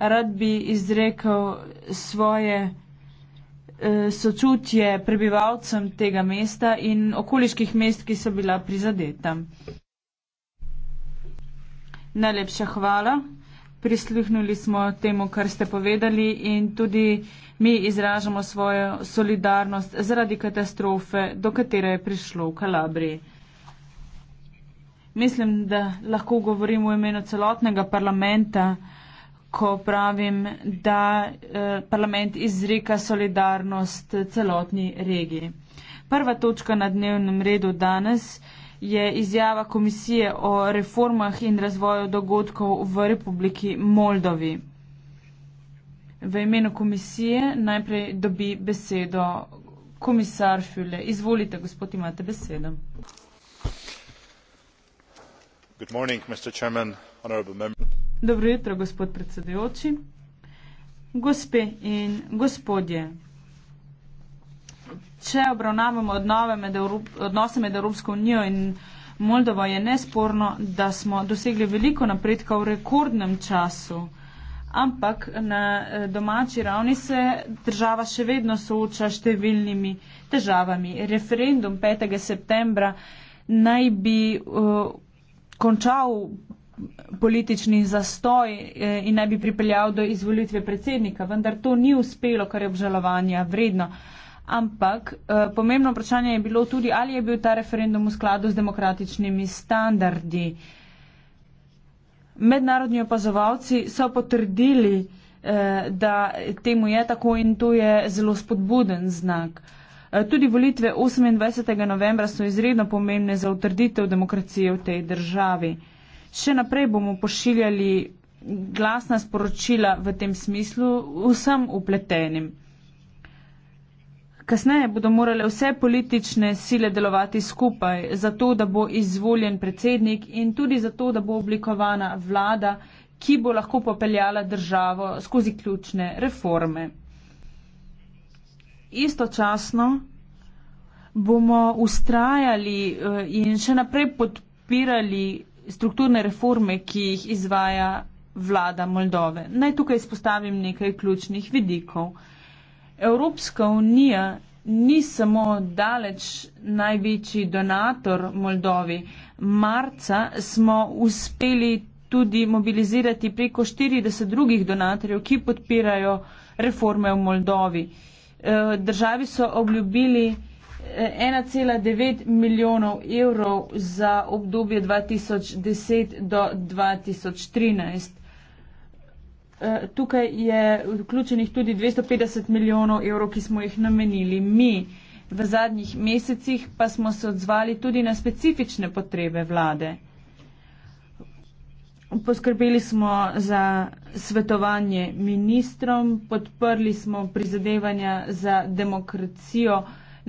rad bi izrekel svoje eh, sočutje prebivalcem tega mesta in okoliških mest, ki so bila prizadeta. Najlepša hvala. Prisluhnili smo temu, kar ste povedali in tudi mi izražamo svojo solidarnost zaradi katastrofe, do katere je prišlo v Kalabriji. Mislim, da lahko govorim v imenu celotnega parlamenta ko pravim, da eh, parlament izreka solidarnost celotni regiji. Prva točka na dnevnem redu danes je izjava komisije o reformah in razvoju dogodkov v Republiki Moldovi. V imenu komisije najprej dobi besedo komisar Füle. Izvolite, gospod, imate besedo. Good morning, Mr. Chairman, honorable members. Dobro jutro, gospod predsedujoči, gospe in gospodje. Če obravnavamo odnove med odnose med Evropsko unijo in Moldovo, je nesporno, da smo dosegli veliko napredka v rekordnem času, ampak na eh, domači ravni se država še vedno sooča številnimi težavami. Referendum 5. septembra naj bi uh, končal politični zastoj eh, in naj bi pripeljal do izvolitve predsednika, vendar to ni uspelo, kar je obžalovanja vredno. Ampak eh, pomembno vprašanje je bilo tudi, ali je bil ta referendum v skladu z demokratičnimi standardi. Mednarodni opazovalci so potrdili, eh, da temu je tako in to je zelo spodbuden znak. Tudi volitve 28. novembra so izredno pomembne za utrditev demokracije v tej državi še naprej bomo pošiljali glasna sporočila v tem smislu vsem upletenim. Kasneje bodo morale vse politične sile delovati skupaj, zato da bo izvoljen predsednik in tudi zato, da bo oblikovana vlada, ki bo lahko popeljala državo skozi ključne reforme. Istočasno bomo ustrajali eh, in še naprej podpirali strukturne reforme, ki jih izvaja vlada Moldove. Naj tukaj izpostavim nekaj ključnih vidikov. Evropska unija ni samo daleč največji donator Moldovi. Marca smo uspeli tudi mobilizirati preko 40 drugih donatorjev, ki podpirajo reforme v Moldovi. Eh, državi so obljubili 1,9 milijonov evrov za obdobje 2010 do 2013. Eh, tukaj je vključenih tudi 250 milijonov evrov, ki smo jih namenili mi. V zadnjih mesecih pa smo se odzvali tudi na specifične potrebe vlade. Poskrbeli smo za svetovanje ministrom, podprli smo prizadevanja za demokracijo,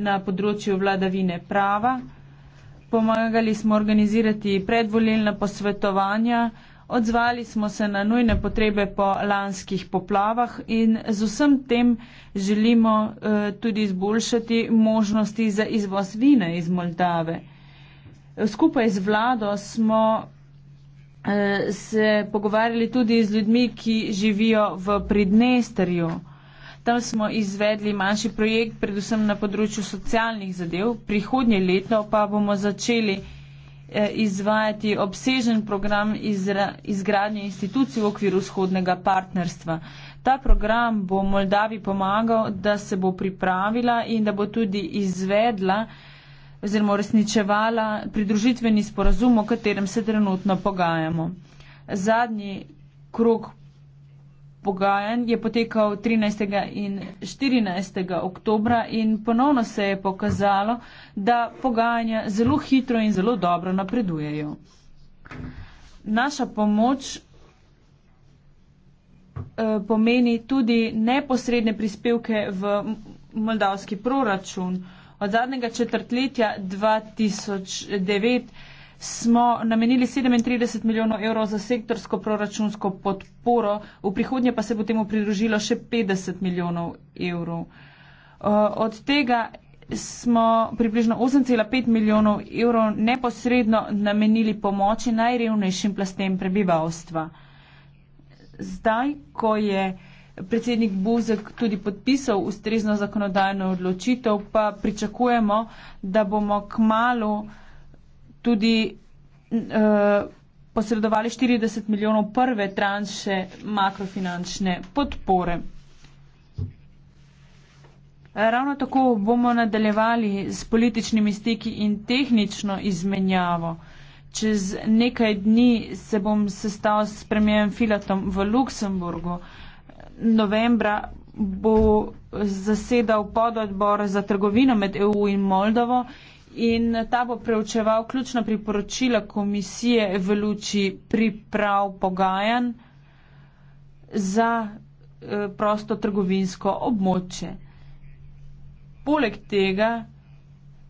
na področju vladavine prava. Pomagali smo organizirati predvolilna posvetovanja, odzvali smo se na nujne potrebe po lanskih poplavah in z vsem tem želimo eh, tudi izboljšati možnosti za izvoz vina iz Moldave. Skupaj z vlado smo eh, se pogovarjali tudi z ljudmi, ki živijo v Pridnesterju. Tam smo izvedli manjši projekt, predvsem na področju socialnih zadev. Prihodnje leto pa bomo začeli eh, izvajati obsežen program izgradnje institucij v okviru shodnega partnerstva. Ta program bo Moldavi pomagal, da se bo pripravila in da bo tudi izvedla oziroma resničevala pridružitveni sporazum, o katerem se trenutno pogajamo. Zadnji krok pogajanj je potekal 13. in 14. oktobra in ponovno se je pokazalo, da pogajanja zelo hitro in zelo dobro napredujejo. Naša pomoč eh, pomeni tudi neposredne prispevke v moldavski proračun. Od zadnjega četrtletja 2009 smo namenili 37 milijonov evrov za sektorsko proračunsko podporo, v prihodnje pa se bo temu pridružilo še 50 milijonov evrov. Uh, od tega smo približno 8,5 milijonov evrov neposredno namenili pomoči najrevnejšim plastem prebivalstva. Zdaj, ko je predsednik Buzek tudi podpisal ustrezno zakonodajno odločitev, pa pričakujemo, da bomo k malu uh, tudi uh, posredovali 40 milijonov prve tranše makrofinančne podpore. Ravno tako bomo nadaljevali s političnimi stiki in tehnično izmenjavo. Čez nekaj dni se bom sestal s premijem Filatom v Luksemburgu. Novembra bo zasedal pododbor za trgovino med EU in Moldovo in ta bo preučeval ključna priporočila komisije v luči priprav pogajanj za eh, prosto trgovinsko območje. Poleg tega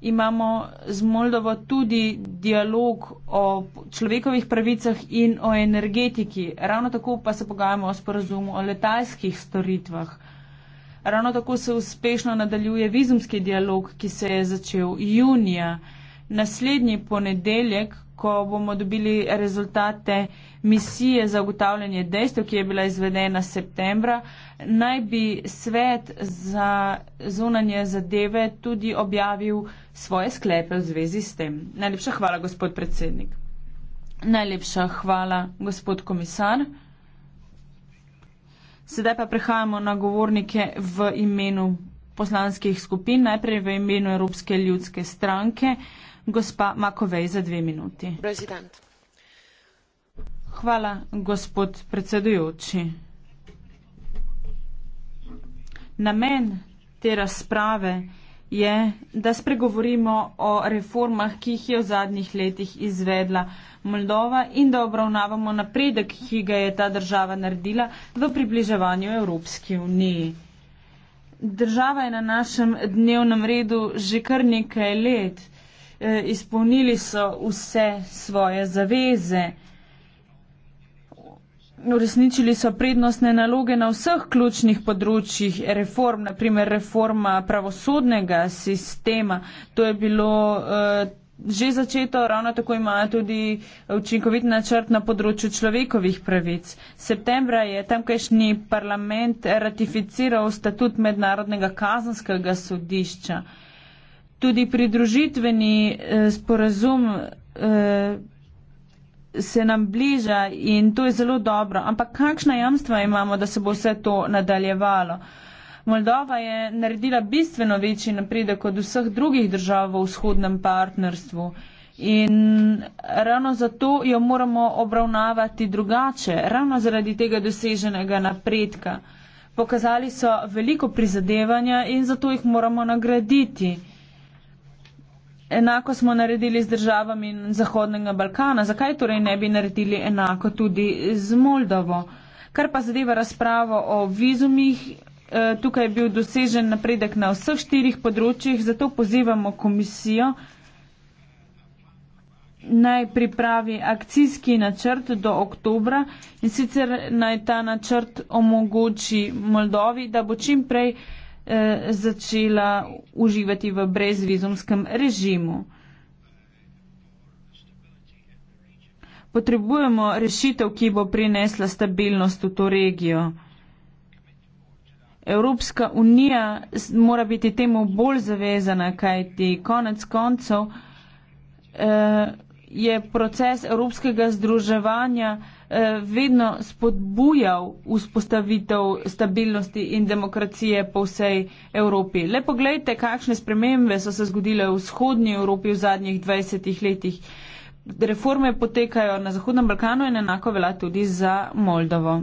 imamo z Moldovo tudi dialog o človekovih pravicah in o energetiki. Ravno tako pa se pogajamo o sporazumu o letalskih storitvah. Ravno tako se uspešno nadaljuje vizumski dialog, ki se je začel junija. Naslednji ponedeljek, ko bomo dobili rezultate misije za ugotavljanje dejstev, ki je bila izvedena septembra, naj bi svet za zunanje zadeve tudi objavil svoje sklepe v zvezi s tem. Najlepša hvala, gospod predsednik. Najlepša hvala, gospod komisar. Sedaj pa prehajamo na govornike v imenu poslanskih skupin, najprej v imenu Evropske ljudske stranke. Gospa Makovej za dve minuti. President. Hvala, gospod predsedujoči. Namen te razprave je, da spregovorimo o reformah, ki jih je v zadnjih letih izvedla Moldova in da obravnavamo napredek, ki ga je ta država naredila v približevanju Evropski uniji. Država je na našem dnevnem redu že kar nekaj let. E, izpolnili so vse svoje zaveze. Uresničili so prednostne naloge na vseh ključnih področjih reform, naprimer reforma pravosodnega sistema. To je bilo e, že začeto, ravno tako imajo tudi učinkovit načrt na področju človekovih pravic. Septembra je tamkajšnji parlament ratificiral statut mednarodnega kazanskega sodišča. Tudi pridružitveni eh, sporazum eh, se nam bliža in to je zelo dobro. Ampak kakšna jamstva imamo, da se bo vse to nadaljevalo? Eh, Moldova je naredila bistveno večji napredek od vseh drugih držav v vzhodnem partnerstvu. In ravno zato jo moramo obravnavati drugače, ravno zaradi tega doseženega napredka. Pokazali so veliko prizadevanja in zato jih moramo nagraditi. Enako smo naredili z državami Zahodnega Balkana, zakaj torej ne bi naredili enako tudi z Moldovo? Kar pa zadeva razpravo o vizumih, Eh, tukaj je bil dosežen napredek na vseh štirih področjih, zato pozivamo komisijo naj pripravi akcijski načrt do oktobra in sicer naj ta načrt omogoči Moldovi, da bo čim prej eh, začela uživati v brezvizumskem režimu. Potrebujemo rešitev, ki bo prinesla stabilnost v to regijo. Evropska unija mora biti temu bolj zavezana, kajti konec koncev eh, je proces evropskega združevanja eh, vedno spodbujal vzpostavitev stabilnosti in demokracije po vsej Evropi. Le pogledajte, kakšne spremembe so se zgodile v vzhodnji Evropi v zadnjih 20 letih. Reforme potekajo na Zahodnem Balkanu in enako velja tudi za Moldovo.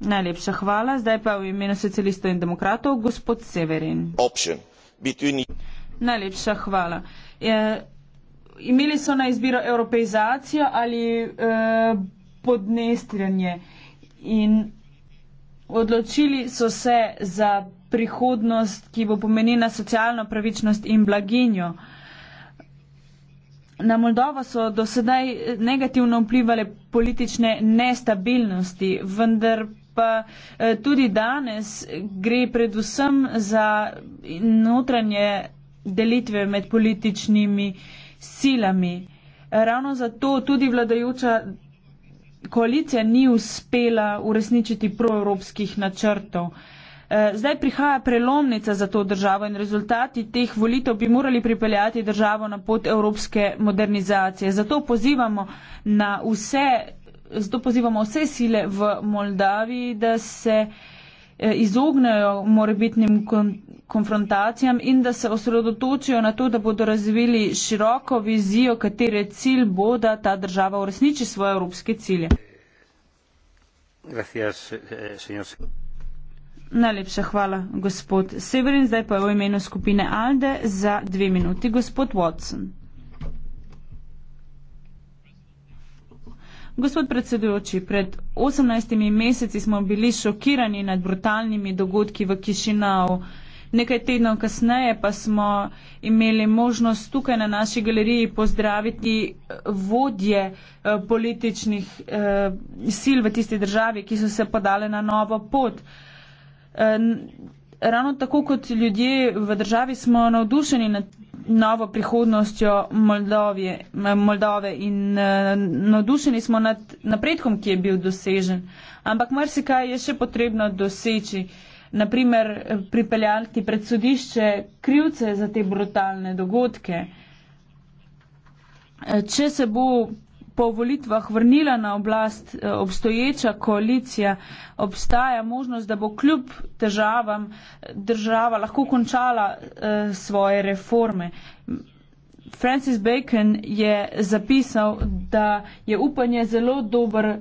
Najlepša hvala. Zdaj pa v imenu socialistov in demokratov gospod Severin. Option. Between... Najlepša hvala. E, imeli so na izbiro evropeizacijo ali e, podnestranje in odločili so se za prihodnost, ki bo pomenila socialno pravičnost in blaginjo. Na Moldovo so do sedaj negativno vplivali politične nestabilnosti, vendar pa eh, tudi danes gre predvsem za notranje delitve med političnimi silami. Ravno zato tudi vladajoča koalicija ni uspela uresničiti proevropskih načrtov. Eh, zdaj prihaja prelomnica za to državo in rezultati teh volitev bi morali pripeljati državo na pot evropske modernizacije. Zato pozivamo na vse zato pozivamo vse sile v Moldaviji, da se eh, izognejo morebitnim konfrontacijam in da se osredotočijo na to, da bodo razvili široko vizijo, katere cilj bo, da ta država uresniči svoje evropske cilje. Gracias, eh, Najlepša hvala, gospod Severin. Zdaj pa je v imenu skupine Alde za dve minuti gospod Watson. Gospod predsedujoči, pred 18 meseci smo bili šokirani nad brutalnimi dogodki v Kišinau. Nekaj tednov kasneje pa smo imeli možnost tukaj na naši galeriji pozdraviti eh, vodje eh, političnih eh, sil v tisti državi, ki so se podale na novo pot ravno tako kot ljudje v državi smo navdušeni nad novo prihodnostjo Moldovje, Moldove in eh, navdušeni smo nad napredkom, ki je bil dosežen. Ampak marsikaj je še potrebno doseči. Naprimer, pripeljati pred sodišče krivce za te brutalne dogodke. Eh, če se bo po volitvah vrnila na oblast eh, obstoječa koalicija, obstaja možnost, da bo kljub težavam eh, država lahko končala eh, svoje reforme. Francis Bacon je zapisal, da je upanje zelo dober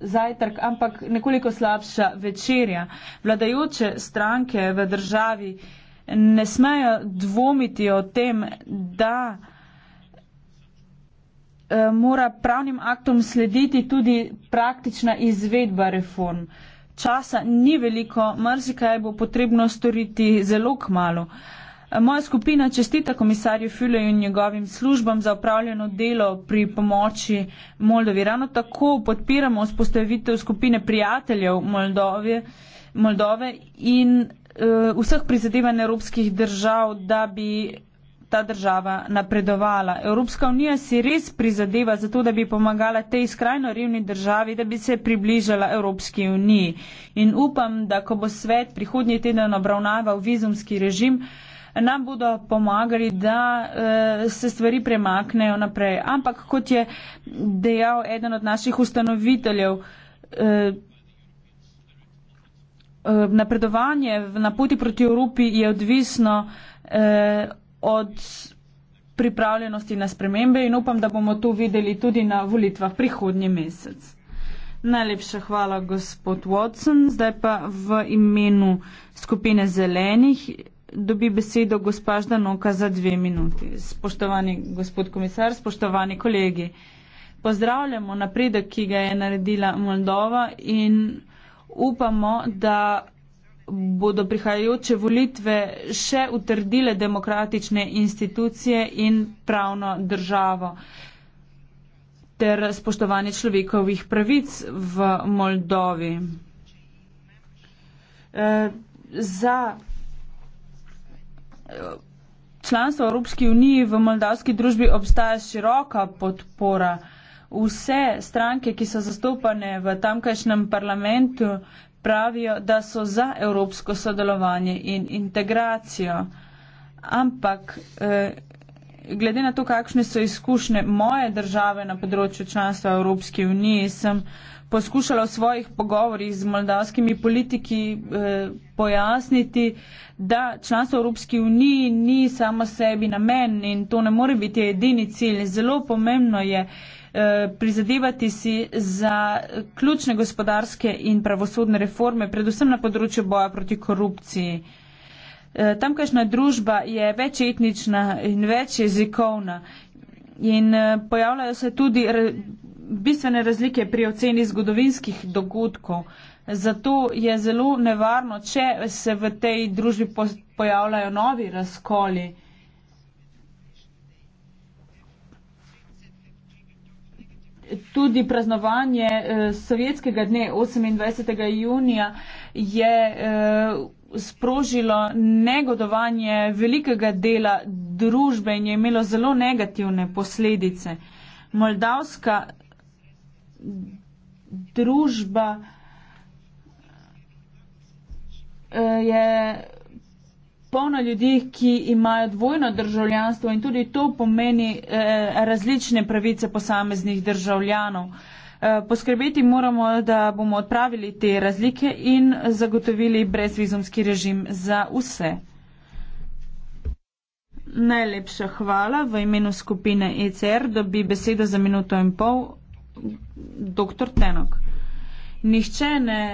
zajtrk, ampak nekoliko slabša večerja. Vladajoče stranke v državi ne smejo dvomiti o tem, da Eh, mora pravnim aktom slediti tudi praktična izvedba reform. Časa ni veliko, mrzikaj bo potrebno storiti zelo k malu. Eh, moja skupina čestita komisarju Füleju in njegovim službam za upravljeno delo pri pomoči Moldovi. Ravno tako podpiramo vzpostavitev skupine prijateljev Moldove, Moldove in uh, vseh prizadevanj evropskih držav, da bi ta država napredovala. Evropska unija si res prizadeva za to, da bi pomagala tej skrajno revni državi, da bi se približala Evropski uniji. In upam, da ko bo svet prihodnji teden obravnaval vizumski režim, nam bodo pomagali, da uh, se stvari premaknejo naprej. Ampak kot je dejal eden od naših ustanoviteljev, uh, Napredovanje na poti proti Evropi je odvisno eh, od pripravljenosti na spremembe in upam, da bomo to videli tudi na volitvah prihodnji mesec. Najlepša hvala, gospod Watson. Zdaj pa v imenu skupine zelenih dobi besedo gospa Ždanoka za dve minuti. Spoštovani gospod komisar, spoštovani kolegi, pozdravljamo napredek, ki ga je naredila Moldova in upamo, da bodo prihajajoče volitve še utrdile demokratične institucije in pravno državo ter spoštovanje človekovih pravic v Moldovi. E, za e, članstvo Evropski uniji v Moldavski družbi obstaja široka podpora. Vse stranke, ki so zastopane v tamkajšnjem parlamentu, pravijo, da so za evropsko sodelovanje in integracijo. Ampak eh, glede na to, kakšne so izkušnje moje države na področju članstva Evropske unije, sem poskušala v svojih pogovorjih z moldavskimi politiki eh, pojasniti, da članstvo Evropske unije ni samo sebi namen in to ne more biti edini cilj. Zelo pomembno je, Eh, prizadevati si za ključne gospodarske in pravosodne reforme, predvsem na področju boja proti korupciji. Eh, tamkajšnja družba je večetnična in večjezikovna in eh, pojavljajo se tudi bistvene razlike pri oceni zgodovinskih dogodkov. Zato je zelo nevarno, če se v tej družbi pojavljajo novi razkoli. Uh, tudi praznovanje eh, sovjetskega dne 28. junija je eh, sprožilo negodovanje velikega dela družbe in je imelo zelo negativne posledice. Moldavska družba eh, je polno ljudi, ki imajo dvojno državljanstvo in tudi to pomeni eh, različne pravice posameznih državljanov. Eh, poskrbeti moramo, da bomo odpravili te razlike in zagotovili brezvizumski režim za vse. Najlepša hvala v imenu skupine ECR, da bi besedo za minuto in pol dr. Tenok. Nihče ne.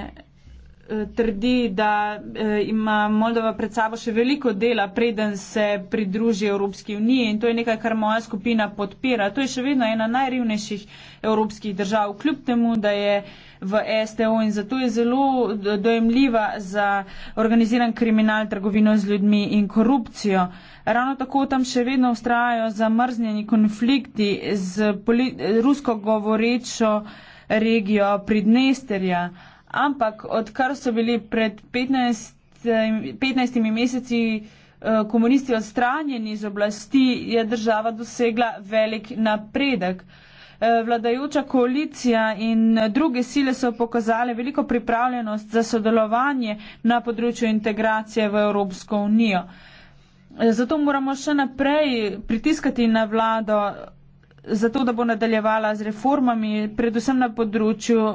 Eh, trdi, da eh, ima Moldova pred sabo še veliko dela, preden se pridruži Evropski uniji in to je nekaj, kar moja skupina podpira. To je še vedno ena najrevnejših evropskih držav, kljub temu, da je v STO in zato je zelo dojemljiva za organiziran kriminal, trgovino z ljudmi in korupcijo. Ravno tako tam še vedno ustrajajo zamrznjeni konflikti z rusko govorečo regijo Pridnesterja. Uh, Ampak odkar so bili pred 15, 15 meseci eh, komunisti odstranjeni iz oblasti, je država dosegla velik napredek. Eh, vladajoča koalicija in druge sile so pokazali veliko pripravljenost za sodelovanje na področju integracije v Evropsko unijo. Eh, zato moramo še naprej pritiskati na vlado, zato da bo nadaljevala z reformami, predvsem na področju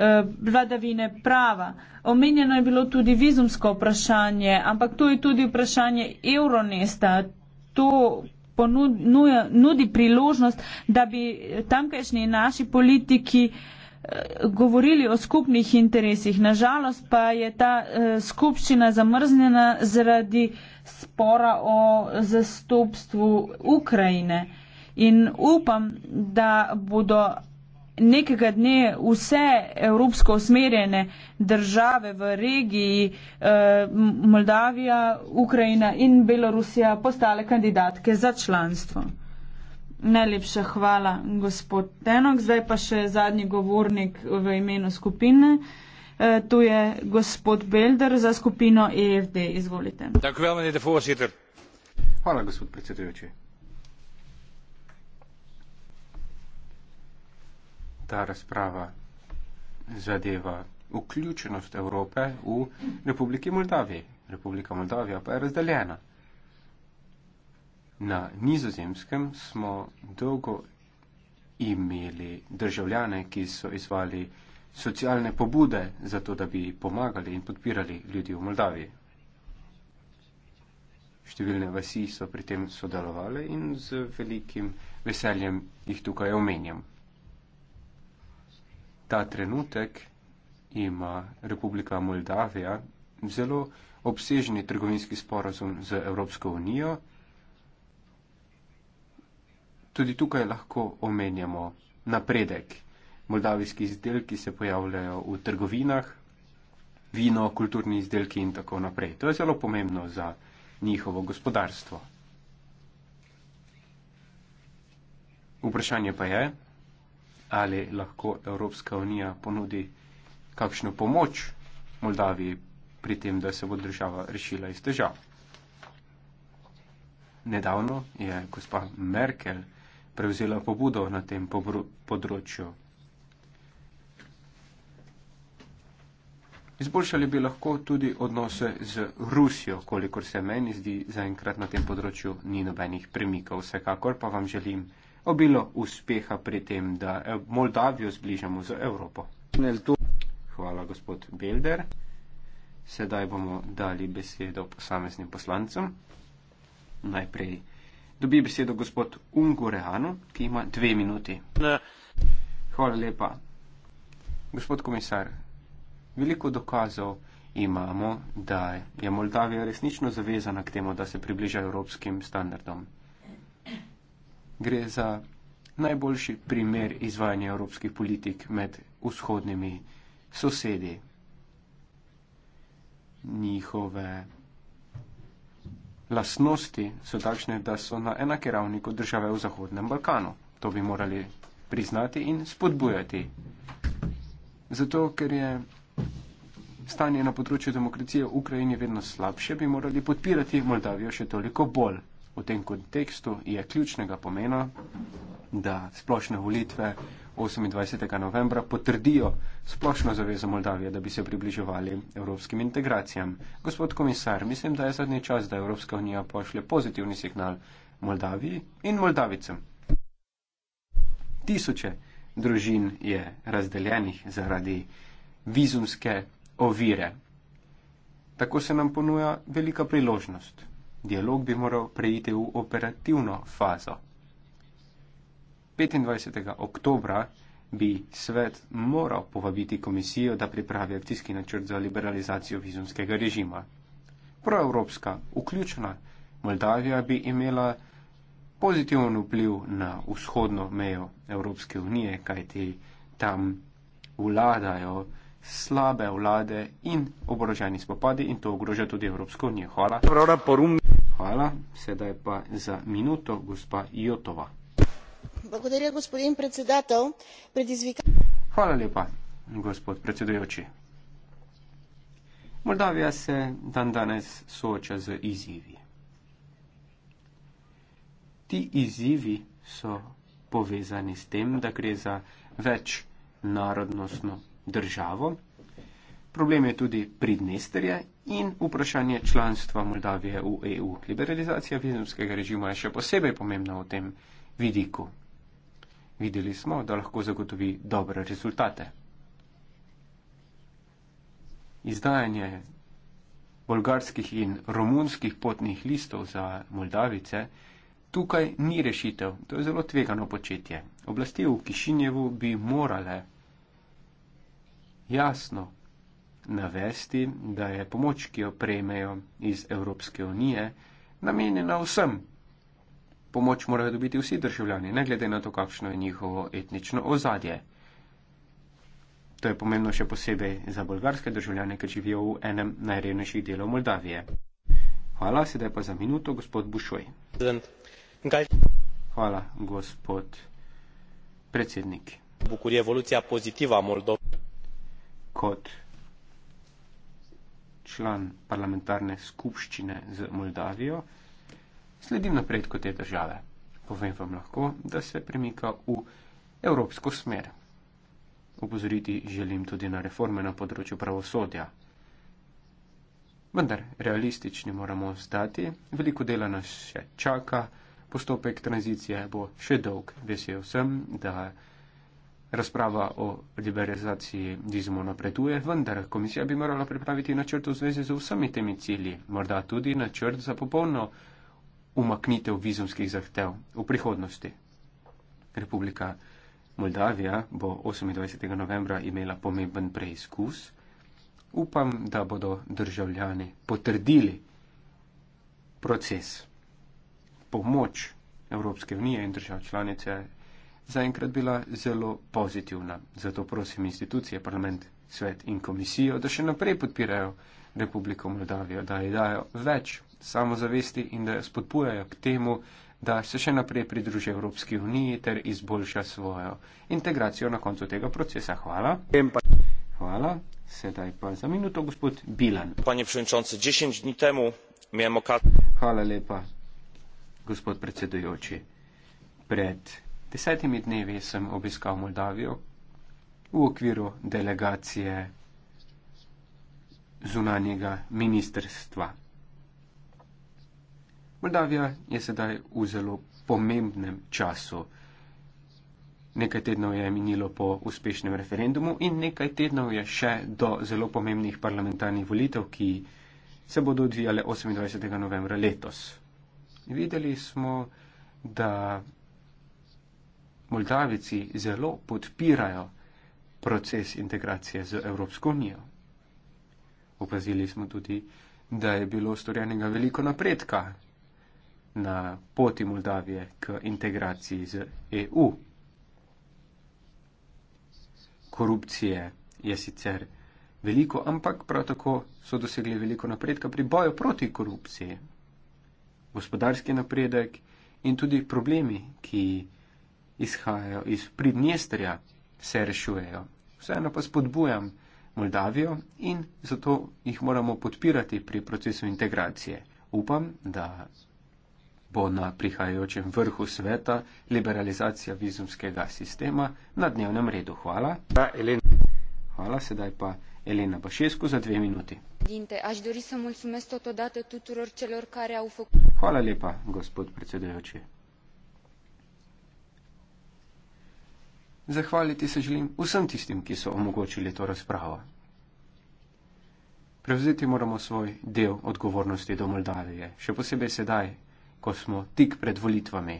eh, vladavine prava. Omenjeno je bilo tudi vizumsko vprašanje, ampak to je tudi vprašanje Euronesta. To ponudi priložnost, da bi tamkajšnji naši politiki eh, govorili o skupnih interesih. Nažalost pa je ta eh, skupščina zamrznjena zaradi spora o zastopstvu Ukrajine. In upam, da bodo nekega dne vse evropsko usmerjene države v regiji eh, Moldavija, Ukrajina in Belorusija postale kandidatke za članstvo. Najlepša hvala, gospod Tenok. Zdaj pa še zadnji govornik v imenu skupine. Eh, tu je gospod Belder za skupino EFD. Izvolite. Hvala, gospod predsedujoči. ta razprava zadeva vključenost Evrope v Republiki Moldavije. Republika Moldavija pa je razdeljena. Na nizozemskem smo dolgo imeli državljane, ki so izvali socialne pobude za to, da bi pomagali in podpirali ljudi v Moldaviji. Številne vasi so pri tem sodelovali in z velikim veseljem jih tukaj omenjam ta trenutek ima Republika Moldavija zelo obsežni trgovinski sporozum z Evropsko unijo. Tudi tukaj lahko omenjamo napredek. Moldavijski izdelki se pojavljajo v trgovinah, vino, kulturni izdelki in tako naprej. To je zelo pomembno za njihovo gospodarstvo. Vprašanje pa je, ali lahko Evropska unija ponudi kakšno pomoč Moldaviji pri tem, da se bo država rešila iz težav. Nedavno je gospa Merkel prevzela pobudo na tem področju. Izboljšali bi lahko tudi odnose z Rusijo, kolikor se meni zdi, zaenkrat na tem področju ni nobenih premikov. Vsekakor pa vam želim obilo uspeha pri tem, da eh, Moldavijo zbližamo z Evropo. Hvala, gospod Belder. Sedaj bomo dali besedo posameznim poslancem. Najprej dobi besedo gospod Ungurehanu, ki ima dve minuti. Ne. Hvala lepa. Gospod komisar, veliko dokazov imamo, da je Moldavija resnično zavezana k temu, da se približa evropskim standardom gre za najboljši primer izvajanja evropskih politik med vzhodnimi sosedi. Njihove lasnosti so takšne, da so na enake ravni kot države v Zahodnem Balkanu. To bi morali priznati in spodbujati. Zato, ker je stanje na področju demokracije v Ukrajini vedno slabše, bi morali podpirati Moldavijo še toliko bolj. V tem kontekstu je ključnega pomena, da splošne volitve 28. novembra potrdijo splošno zavezo Moldavije, da bi se približevali evropskim integracijam. Gospod komisar, mislim, da je zadnji čas, da Evropska unija pošlje pozitivni signal Moldaviji in Moldavicem. Tisoče družin je razdeljenih zaradi vizumske ovire. Tako se nam ponuja velika priložnost dialog bi moral preiti v operativno fazo. 25. oktobra bi svet moral povabiti komisijo, da pripravi akcijski načrt za liberalizacijo vizumskega režima. Proevropska, vključena Moldavija bi imela pozitiven vpliv na vzhodno mejo Evropske unije, kajti tam vladajo slabe vlade in oboroženi spopadi in to ogroža tudi Evropsko unijo. Hvala. Hvala. Sedaj pa za minuto gospa Jotova. Bogodarja, gospodin predsedatelj, predizvika. Hvala lepa, gospod predsedujoči. Moldavija se dan danes sooča z izzivi. Ti izzivi so povezani s tem, da gre za več narodnostno državo. Problem je tudi Pridnesterje in vprašanje članstva Moldavije v EU. Liberalizacija vizumskega režima je še posebej pomembna v tem vidiku. Videli smo, da lahko zagotovi dobre rezultate. Izdajanje bolgarskih in romunskih potnih listov za Moldavice tukaj ni rešitev. To je zelo tvegano početje. Oblasti v Kišinjevu bi morale jasno navesti, da je pomoč, ki jo prejmejo iz Evropske unije, namenjena vsem. Pomoč morajo dobiti vsi državljani, ne glede na to, kakšno je njihovo etnično ozadje. To je pomembno še posebej za bolgarske državljane, ki živijo v enem najrevnejših delov Moldavije. Hvala, sedaj pa za minuto, gospod Bušoj. Hvala, gospod predsednik. Bukur je evolucija pozitiva Moldova. Kot član parlamentarne skupščine z Moldavijo, sledim napredku te države. Povem vam lahko, da se premika v evropsko smer. Upozoriti želim tudi na reforme na področju pravosodja. Vendar realistični moramo ostati, veliko dela nas še čaka, postopek tranzicije bo še dolg. Vesel sem, da Razprava o liberalizaciji dizmo napreduje, vendar komisija bi morala pripraviti načrt v zvezi z vsemi temi cilji, morda tudi načrt za popolno umaknitev vizumskih zahtev v prihodnosti. Republika Moldavija bo 28. novembra imela pomemben preizkus. Upam, da bodo državljani potrdili proces pomoč Evropske unije in držav članice zaenkrat bila zelo pozitivna. Zato prosim institucije, parlament, svet in komisijo, da še naprej podpirajo Republiko Moldavijo, da ji dajo več samozavesti in da jo spodbujajo k temu, da se še naprej pridruži Evropski uniji ter izboljša svojo integracijo na koncu tega procesa. Hvala. Hvala. Sedaj pa za minuto gospod Bilan. Hvala lepa, gospod predsedujoči. Pred Desetimi dnevi sem obiskal Moldavijo v okviru delegacije zunanjega ministrstva. Moldavija je sedaj v zelo pomembnem času. Nekaj tednov je minilo po uspešnem referendumu in nekaj tednov je še do zelo pomembnih parlamentarnih volitev, ki se bodo odvijale 28. novembra letos. Videli smo, da Moldavici zelo podpirajo proces integracije z Evropsko unijo. Opazili smo tudi, da je bilo storjenega veliko napredka na poti Moldavije k integraciji z EU. Korupcije je sicer veliko, ampak prav tako so dosegli veliko napredka pri boju proti korupciji. Gospodarski napredek in tudi problemi, ki jih izhajajo iz Pridnjestrja, se rešujejo. Vseeno pa spodbujam Moldavijo in zato jih moramo podpirati pri procesu integracije. Upam, da bo na prihajajočem vrhu sveta liberalizacija vizumskega sistema na dnevnem redu. Hvala. Da, Hvala, sedaj pa Elena Bašesku za dve minuti. Hvala lepa, gospod predsedujoči. Zahvaliti se želim vsem tistim, ki so omogočili to razpravo. Prevzeti moramo svoj del odgovornosti do Moldavije, še posebej sedaj, ko smo tik pred volitvami.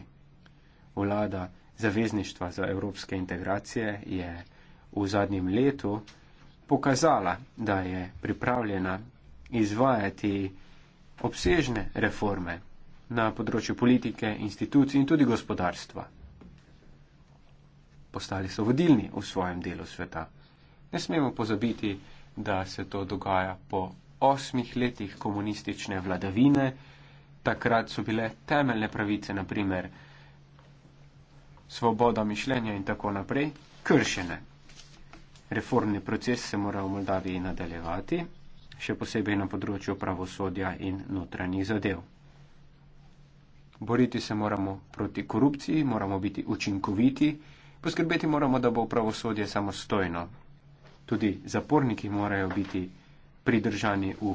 Vlada Zavezništva za evropske integracije je v zadnjem letu pokazala, da je pripravljena izvajati obsežne reforme na področju politike, institucij in tudi gospodarstva postali so vodilni v svojem delu sveta. Ne smemo pozabiti, da se to dogaja po osmih letih komunistične vladavine. Takrat so bile temeljne pravice, naprimer svoboda mišljenja in tako naprej, kršene. Reformni proces se mora v Moldaviji nadaljevati, še posebej na področju pravosodja in notranjih zadev. Boriti se moramo proti korupciji, moramo biti učinkoviti Poskrbeti moramo, da bo pravosodje samostojno. Tudi zaporniki morajo biti pridržani v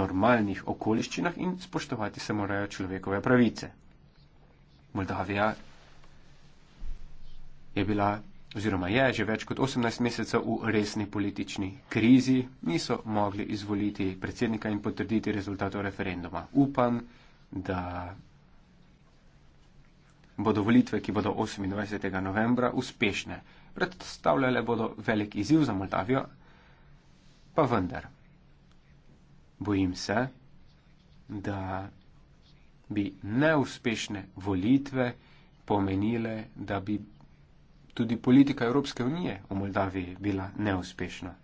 normalnih okoliščinah in spoštovati se morajo človekove pravice. Moldavija je bila oziroma je že več kot 18 mesecev v resni politični krizi, niso mogli izvoliti predsednika in potrditi rezultatov referenduma. Upam, da bodo volitve, ki bodo 28. novembra, uspešne. Predstavljale bodo velik izziv za Moldavijo, pa vendar. Bojim se, da bi neuspešne volitve pomenile, da bi tudi politika Evropske unije v Moldaviji bila neuspešna.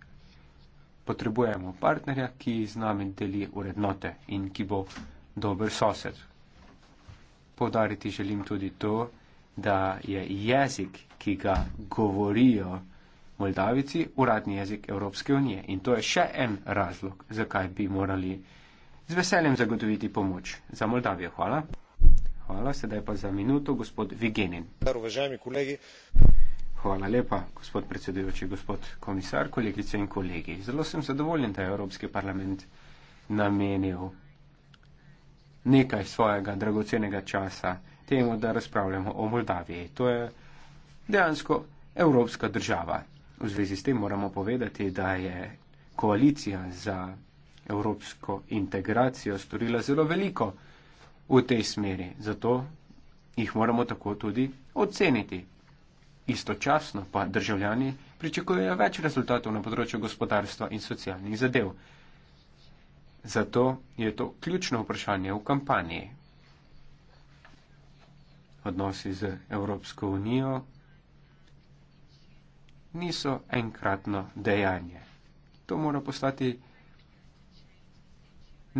Potrebujemo partnerja, ki z nami deli urednote in ki bo dober sosed, Podariti želim tudi to, da je jezik, ki ga govorijo Moldavici, uradni jezik Evropske unije. In to je še en razlog, zakaj bi morali z veseljem zagotoviti pomoč za Moldavijo. Hvala. Hvala, sedaj pa za minuto, gospod Vigenin. Hvala lepa, gospod predsedujoči, gospod komisar, kolegice in kolegi. Zelo sem zadovoljen, da je Evropski parlament namenil nekaj svojega dragocenega časa temu, da razpravljamo o Moldaviji. To je dejansko evropska država. V zvezi s tem moramo povedati, da je koalicija za evropsko integracijo storila zelo veliko v tej smeri, zato jih moramo tako tudi oceniti. Istočasno pa državljani pričakujejo več rezultatov na področju gospodarstva in socialnih zadev. Zato je to ključno vprašanje v kampanji. Odnosi z Evropsko unijo niso enkratno dejanje. To mora postati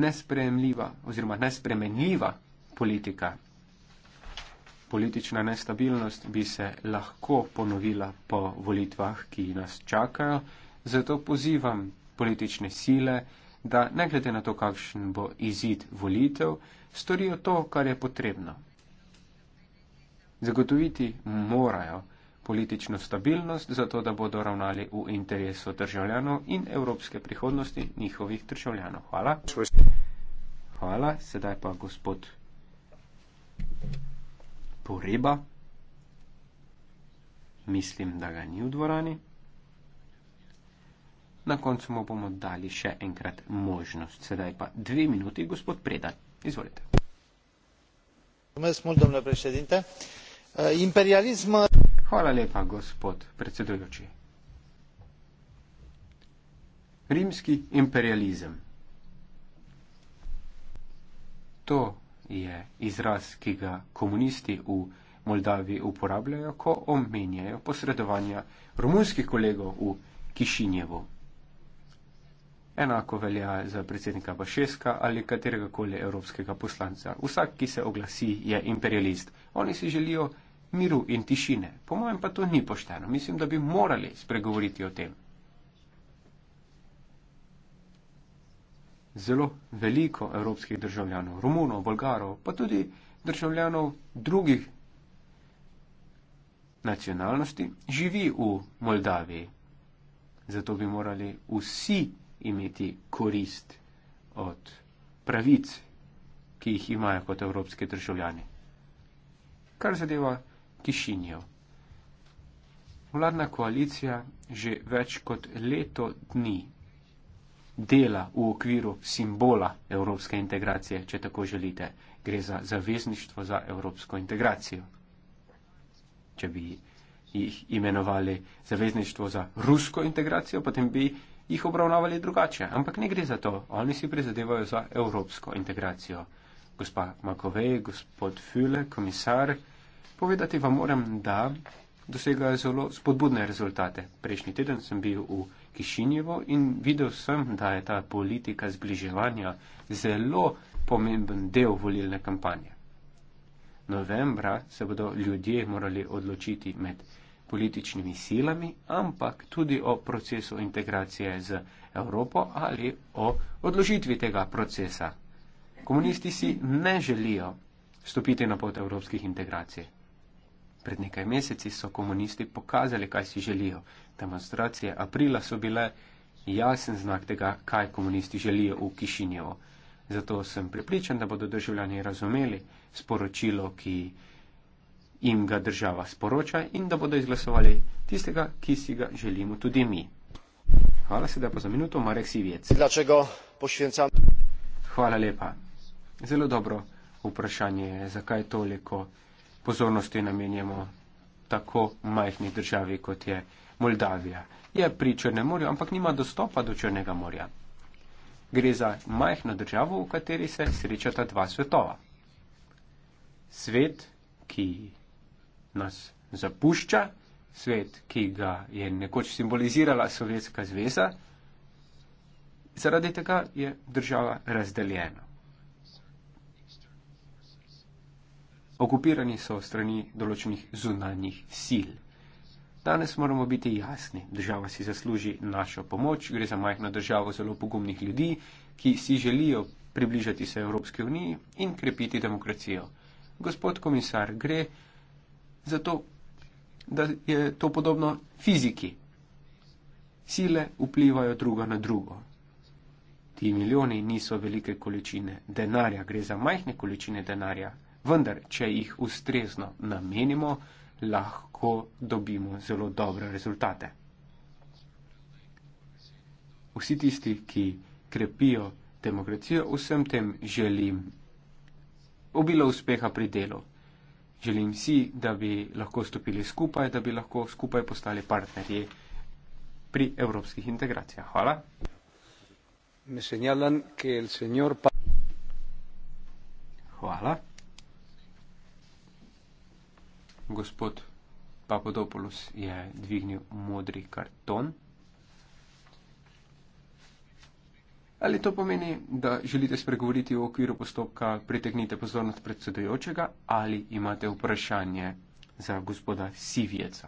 nespremljiva oziroma nespremenljiva politika. Politična nestabilnost bi se lahko ponovila po volitvah, ki nas čakajo, zato pozivam politične sile, da ne glede na to, kakšen bo izid volitev, storijo to, kar je potrebno. Zagotoviti morajo politično stabilnost, zato da bodo ravnali v interesu državljanov in evropske prihodnosti njihovih državljanov. Hvala. Hvala. Sedaj pa gospod Poreba. Mislim, da ga ni v dvorani na koncu mu bomo dali še enkrat možnost. Sedaj pa dve minuti, gospod Predan. Izvolite. Eh, Hvala lepa, gospod predsedujoči. Rimski imperializem. To je izraz, ki ga komunisti v Moldaviji uporabljajo, ko omenjajo posredovanja romunskih kolegov v Kišinjevu. Enako velja za predsednika Bašeska ali katerega koli evropskega poslanca. Vsak, ki se oglasi, je imperialist. Oni si želijo miru in tišine. Po mojem pa to ni pošteno. Mislim, da bi morali spregovoriti o tem. Zelo veliko evropskih državljanov, Romunov, Bolgarov, pa tudi državljanov drugih nacionalnosti, živi v Moldaviji. Zato bi morali vsi imeti korist od pravic, ki jih imajo kot evropske državljani. Kar zadeva Kišinjev. Vladna koalicija že več kot leto dni dela v okviru simbola evropske integracije, če tako želite. Gre za zavezništvo za evropsko integracijo. Če bi jih imenovali zavezništvo za rusko integracijo, potem bi jih obravnavali drugače. Ampak ne gre za to. Oni si prizadevajo za evropsko integracijo. Gospa Makovej, gospod Füle, komisar, povedati vam moram, da dosegajo zelo spodbudne rezultate. Prejšnji teden sem bil v Kišinjevo in videl sem, da je ta politika zbliževanja zelo pomemben del volilne kampanje. Novembra se bodo ljudje morali odločiti med političnimi silami, ampak tudi o procesu integracije z Evropo ali o odložitvi tega procesa. Komunisti si ne želijo stopiti na pot evropskih integracij. Pred nekaj meseci so komunisti pokazali, kaj si želijo. Demonstracije aprila so bile jasen znak tega, kaj komunisti želijo v Kišinjevo. Zato sem pripričan, da bodo državljani razumeli sporočilo, ki jim ga država sporoča in da bodo izglasovali tistega, ki si ga želimo tudi mi. Hvala sedaj pa za minuto, Marek Sivjec. Dlačego pošvencam? Hvala lepa. Zelo dobro vprašanje je, zakaj toliko pozornosti namenjamo tako majhni državi, kot je Moldavija. Je pri Črnem morju, ampak nima dostopa do Črnega morja. Gre za majhno državo, v kateri se srečata dva svetova. Svet, ki nas zapušča, svet, ki ga je nekoč simbolizirala Sovjetska zveza, zaradi tega je država razdeljena. Okupirani so strani določenih zunanjih sil. Danes moramo biti jasni, država si zasluži našo pomoč, gre za majhno državo zelo pogumnih ljudi, ki si želijo približati se Evropske unije in krepiti demokracijo. Gospod komisar, gre zato, da je to podobno fiziki. Sile vplivajo druga na drugo. Ti milijoni niso velike količine denarja, gre za majhne količine denarja, vendar, če jih ustrezno namenimo, lahko dobimo zelo dobre rezultate. Vsi tisti, ki krepijo demokracijo, vsem tem želim obilo uspeha pri delu. Želim si, da bi lahko stopili skupaj, da bi lahko skupaj postali partnerji pri evropskih integracijah. Hvala. Hvala. Gospod Papadopoulos je dvignil modri karton. Ali to pomeni, da želite spregovoriti v okviru postopka, pritegnite pozornost predsedujočega ali imate vprašanje za gospoda Sivjeca?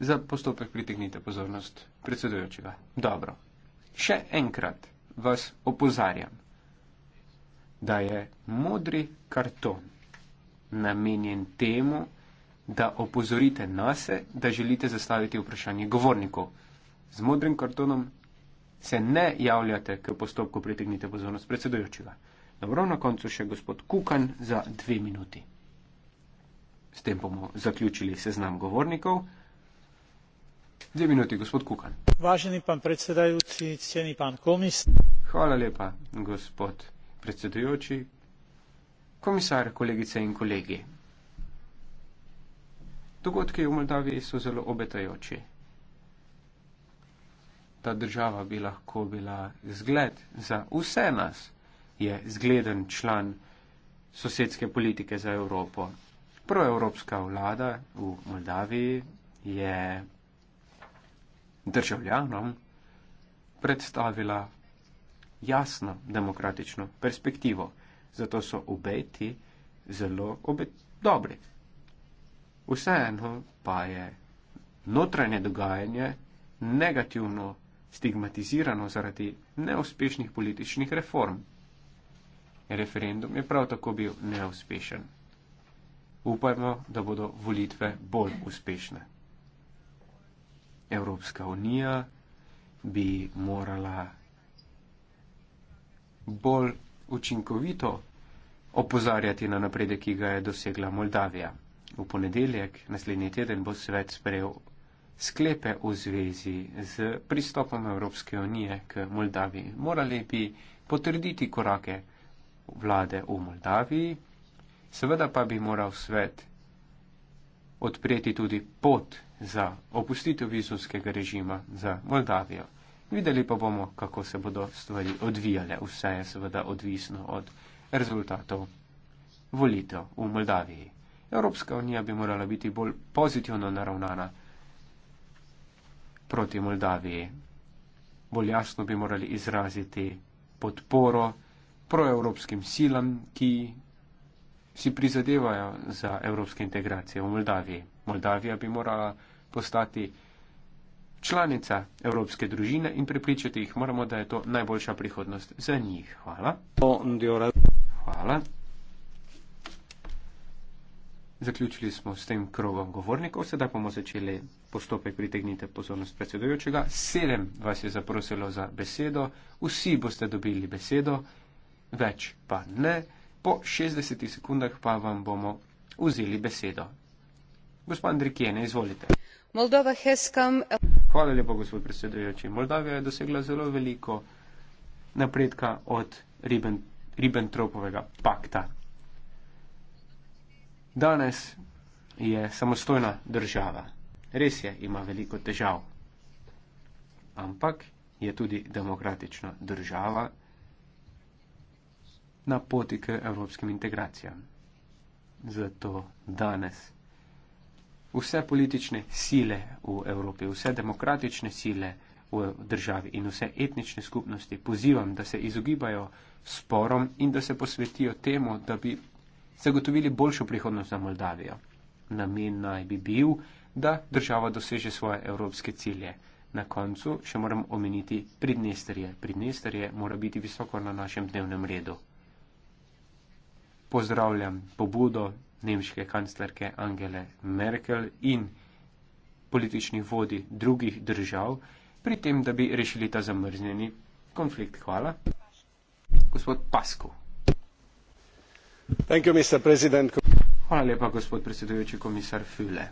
Za postopek pritegnite pozornost predsedujočega. Dobro. Še enkrat vas opozarjam, da je modri karton namenjen temu, da opozorite nase, da želite zastaviti vprašanje govornikov z modrim kartonom, se ne javljate k postopku pritegnite pozornost predsedujočega. Dobro, na koncu še gospod Kukan za dve minuti. S tem bomo zaključili seznam govornikov. Dve minuti, gospod Kukan. Važeni pan predsedajoči, cijeni pan komis. Hvala lepa, gospod predsedajoči, komisar, kolegice in kolegi. Dogodki v Moldaviji so zelo obetajoči ta država bi lahko bila zgled za vse nas, je zgleden član sosedske politike za Evropo. Proevropska vlada v Moldaviji je državljanom predstavila jasno demokratično perspektivo. Zato so obeti zelo obet dobri. Vseeno pa je notranje dogajanje negativno stigmatizirano zaradi neuspešnih političnih reform. Referendum je prav tako bil neuspešen. Upajmo, da bodo volitve bolj uspešne. Evropska unija bi morala bolj učinkovito opozarjati na napredek, ki ga je dosegla Moldavija. V ponedeljek, naslednji teden, bo svet sprejel sklepe v zvezi z pristopom Evropske unije k Moldaviji. Morali bi potrditi korake vlade v Moldaviji, seveda pa bi moral svet odpreti tudi pot za opustitev vizovskega režima za Moldavijo. Videli pa bomo, kako se bodo stvari odvijale. Vse je seveda odvisno od rezultatov volitev v Moldaviji. Evropska unija bi morala biti bolj pozitivno naravnana proti Moldaviji. Bolj jasno bi morali izraziti podporo proevropskim silam, ki si prizadevajo za evropske integracije v Moldaviji. Moldavija bi morala postati članica evropske družine in prepričati jih moramo, da je to najboljša prihodnost za njih. Hvala. Hvala. Zaključili smo s tem krogom govornikov, sedaj bomo začeli postopek pritegnite pozornost predsedujočega. Sedem vas je zaprosilo za besedo, vsi boste dobili besedo, več pa ne. Po 60 sekundah pa vam bomo vzeli besedo. Gospod Andrikjene, izvolite. Moldova Heskam. Hvala lepo, gospod predsedujoči. Moldavija je dosegla zelo veliko napredka od Ribbentropovega pakta. Danes je samostojna država. Res je, ima veliko težav. Ampak je tudi demokratična država na poti k evropskim integracijam. Zato danes vse politične sile v Evropi, vse demokratične sile v državi in vse etnične skupnosti pozivam, da se izogibajo sporom in da se posvetijo temu, da bi zagotovili boljšo prihodnost za Moldavijo. Namen naj bi bil, da država doseže svoje evropske cilje. Na koncu še moram omeniti Pridnesterje. Pridnesterje mora biti visoko na našem dnevnem redu. Pozdravljam pobudo nemške kanclerke Angele Merkel in političnih vodi drugih držav pri tem, da bi rešili ta zamrznjeni konflikt. Hvala. Gospod Pasku. Hvala lepa, gospod predsedujoči komisar Füle.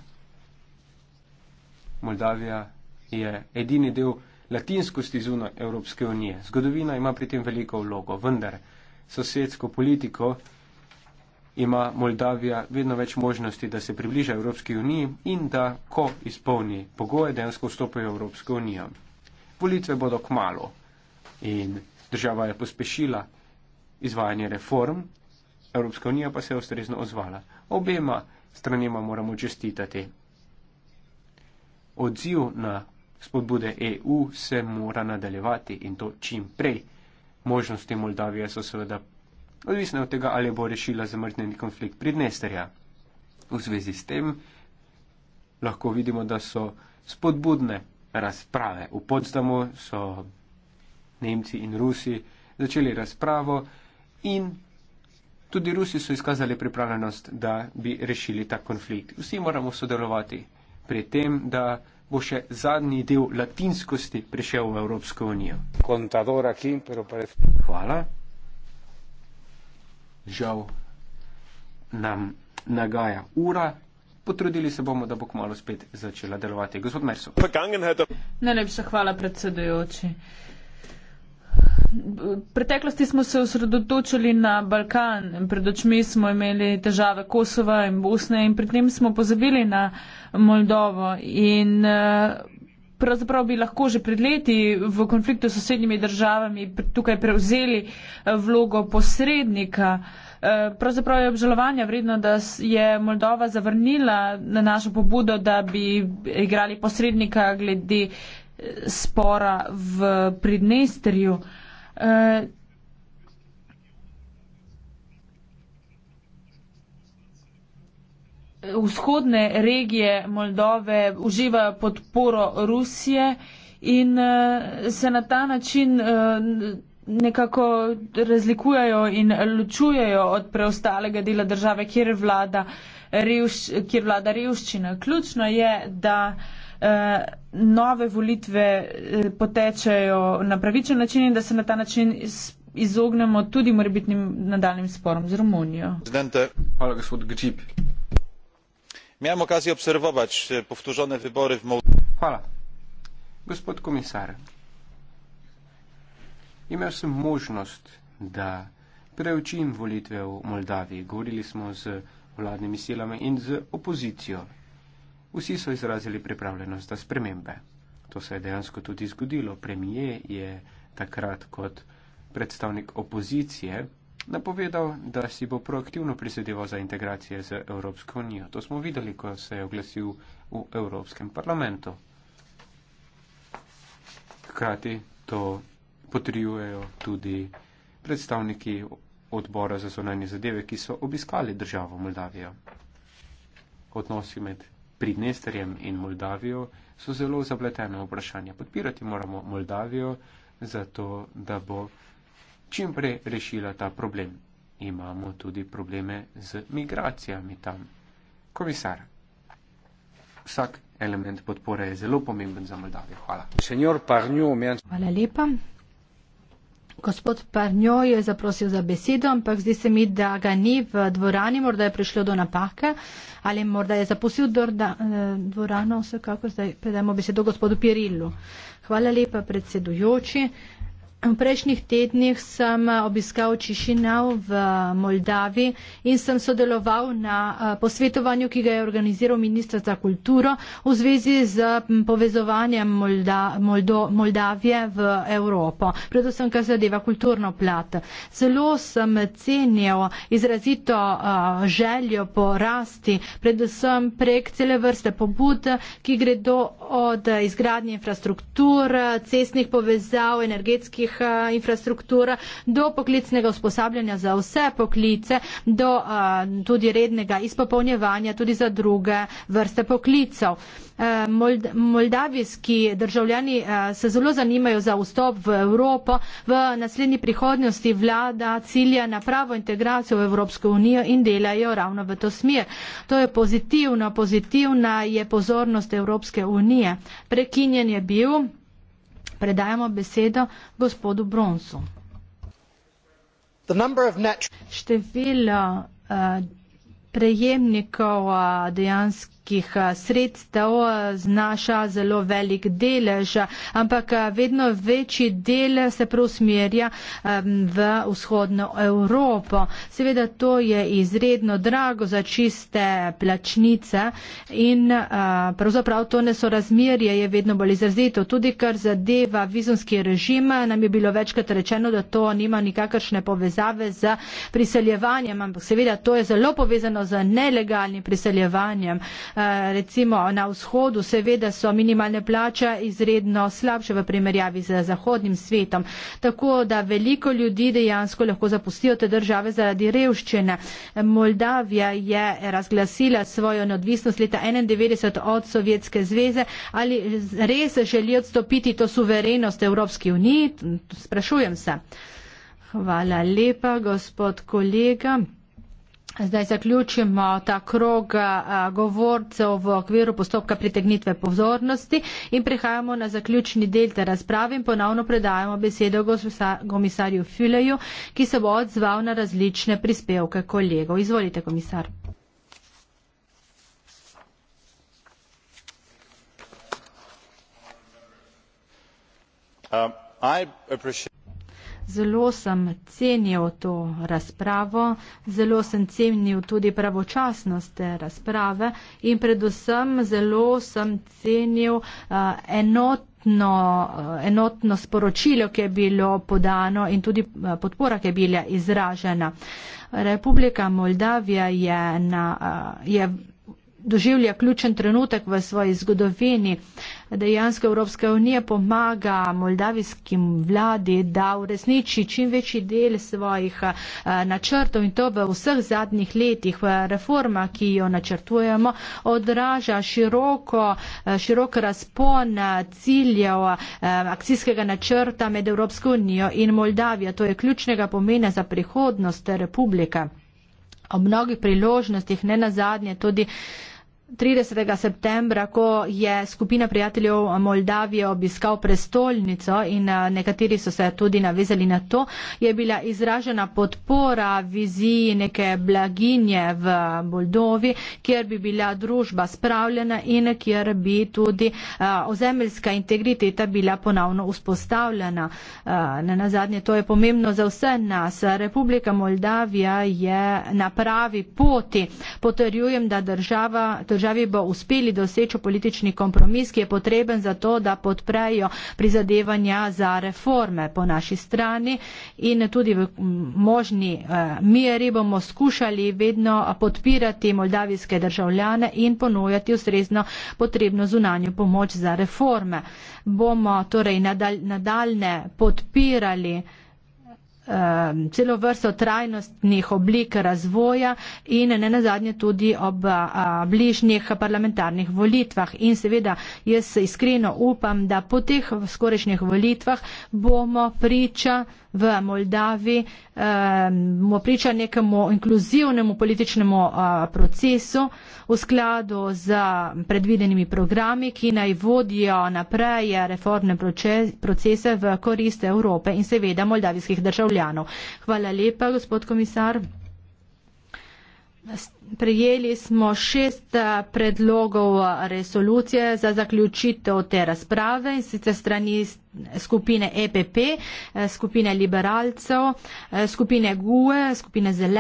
Moldavija je edini del latinskosti zunaj Evropske unije. Zgodovina ima pri tem veliko vlogo, vendar sosedsko politiko ima Moldavija vedno več možnosti, da se približa Evropski uniji in da, ko izpolni pogoje, dejansko vstopi v Evropsko unijo. Volitve bodo k malu in država je pospešila izvajanje reform, Evropska unija pa se je ustrezno ozvala. Obema stranima moramo čestitati odziv na spodbude EU se mora nadaljevati in to čim prej. Možnosti Moldavije so seveda odvisne od tega, ali bo rešila zamrznjeni konflikt Pridnesterja. V zvezi s tem lahko vidimo, da so spodbudne razprave. V Podstamu so Nemci in Rusi začeli razpravo in tudi Rusi so izkazali pripravljenost, da bi rešili ta konflikt. Vsi moramo sodelovati, pri tem, da bo še zadnji del latinskosti prišel v Evropsko unijo. Aquí, pero pare... Hvala. Žal nam nagaja ura. Potrudili se bomo, da bo kmalo spet začela delovati. Gospod Merso. Najlepša hvala predsedujoči. V preteklosti smo se osredotočili na Balkan, pred očmi smo imeli težave Kosova in Bosne in pred tem smo pozabili na Moldovo. In eh, pravzaprav bi lahko že pred leti v konfliktu s sosednjimi državami tukaj prevzeli eh, vlogo posrednika. Eh, pravzaprav je obžalovanja vredno, da je Moldova zavrnila na našo pobudo, da bi igrali posrednika glede spora v Pridnesterju. Uh, Eh, vzhodne regije Moldove uživajo podporo Rusije in eh, se na ta način eh, nekako razlikujejo in ločujejo od preostalega dela države, kjer vlada, revš, kjer vlada revščina. Ključno je, da uh, nove volitve eh, potečajo na pravičen način in da se na ta način izognemo tudi morebitnim nadaljnim sporom z Romunijo. Hvala, gospod Gčip. Miałem okazję obserwować e, powtórzone wybory w Mołdawii. Hvala. Gospod komisar, imel sem možnost, da preučim volitve v Moldaviji. Govorili smo z vladnimi silami in z opozicijo. Vsi so izrazili pripravljenost za spremembe. To se je dejansko tudi zgodilo. Premije je takrat kot predstavnik opozicije napovedal, da si bo proaktivno prisedeval za integracije z Evropsko unijo. To smo videli, ko se je oglasil v Evropskem parlamentu. Hkrati to potrjujejo tudi predstavniki odbora za zonanje zadeve, ki so obiskali državo Moldavijo. Odnosi med Pridnesterjem in Moldavijo so zelo zapletena vprašanja. Podpirati moramo Moldavijo, zato da bo čim prej rešila ta problem. Imamo tudi probleme z migracijami tam. Komisar, vsak element podpore je zelo pomemben za Moldavijo. Hvala. Hvala lepa gospod Parnjo je zaprosil za besedo, ampak zdi se mi, da ga ni v dvorani, morda je prišlo do napake ali morda je zapustil eh, dvorano, vsekakor zdaj predajmo besedo gospodu Pirillu. Hvala lepa predsedujoči. V prejšnjih tednih sem eh, obiskal Čišinav v eh, Moldavi in sem sodeloval na eh, posvetovanju, ki ga je organiziral ministr za kulturo v zvezi z povezovanjem Molda, Moldo, Moldavije v Evropo, predvsem kar zadeva kulturno plat. Zelo sem cenil izrazito željo po rasti, predvsem prek cele vrste pobud, ki gredo od izgradnje infrastruktur, cestnih povezav, energetskih Eh, infrastruktura, do poklicnega usposabljanja za vse poklice, do eh, tudi rednega izpopolnjevanja tudi za druge vrste poklicov. Eh, Mold, moldavijski državljani se zelo zanimajo za vstop v Evropo. V naslednji prihodnosti vlada cilja na pravo integracijo v Evropsko unijo in delajo ravno v to smer. To je pozitivno, pozitivna je pozornost Evropske unije. Prekinjen je bil. Predajamo besedo gospodu Bronsu. Število uh, prejemnikov uh, dejansko evropskih eh, sredstev eh, znaša zelo velik delež, ampak eh, vedno večji del se preusmerja v vzhodno Evropo. Seveda to je izredno drago za čiste plačnice in pravzaprav to nesorazmerje je vedno bolj izrazito. Tudi kar zadeva vizonski režim, nam je bilo večkrat rečeno, da to nima nikakršne povezave z priseljevanjem, ampak seveda to je zelo povezano z nelegalnim priseljevanjem. Eh, recimo na vzhodu seveda so minimalne plače izredno slabše v primerjavi z zahodnim svetom. Tako da veliko ljudi dejansko lahko zapustijo te države zaradi revščine. Moldavija je razglasila svojo neodvisnost leta 1991 od Sovjetske zveze. Ali res želi odstopiti to suverenost Evropski uniji? Sprašujem se. Hvala lepa, gospod kolega. Zdaj zaključimo ta krog govorcev v okviru postopka pritegnitve pozornosti in prehajamo na zaključni del te razprave in ponovno predajamo besedo komisarju Fileju, ki se bo odzval na različne prispevke kolegov. Izvolite, komisar. Um, Zelo sem cenil to razpravo, zelo sem cenil tudi pravočasnost te razprave in predvsem zelo sem cenil uh, eh, enot. Enotno, eh, enotno sporočilo, ki je bilo podano in tudi eh, podpora, ki je bila izražena. Republika Moldavija je, na, je doživlja ključen trenutek v svoji zgodovini. Dejansko Evropska unija pomaga moldavijskim vladi, da uresniči čim večji del svojih eh, načrtov in to v vseh zadnjih letih. Reforma, ki jo načrtujemo, odraža široko, eh, širok razpon eh, ciljev akcijskega načrta med Evropsko unijo in Moldavijo. To je ključnega pomena za prihodnost republike. O mnogih priložnostih, ne nazadnje, tudi uh, 30. septembra, ko je skupina prijateljev Moldavije obiskal prestolnico in eh, nekateri so se tudi navezali na to, je bila izražena podpora viziji neke blaginje v eh, Moldovi, kjer bi bila družba spravljena in kjer bi tudi eh, ozemeljska integriteta bila ponovno vzpostavljena. Na nazadnje, to je pomembno za vse nas. Republika Moldavija je na pravi poti. Potrjujem, da država, državi bo uspeli doseči politični kompromis, ki je potreben za to, da podprejo prizadevanja za reforme po naši strani in tudi v možni eh, meri bomo skušali vedno podpirati moldavijske državljane in ponujati ustrezno potrebno zunanjo pomoč za reforme. Bomo torej nadal, nadaljne podpirali Um, celo vrsto trajnostnih oblik razvoja in ne nazadnje tudi ob bližnjih parlamentarnih volitvah. In seveda jaz iskreno upam, da po teh skorešnjih volitvah bomo priča v Moldaviji bomo ehm, priča nekemu inkluzivnemu političnemu procesu v skladu z predvidenimi programi, ki naj vodijo naprej reformne procese v korist Evrope in seveda moldavijskih državljanov. Hvala lepa, gospod komisar. Prijeli smo šest eh, predlogov eh, resolucije za zaključitev te razprave in sicer strani skupine EPP, eh, skupine liberalcev, skupine GUE, skupine zelenih.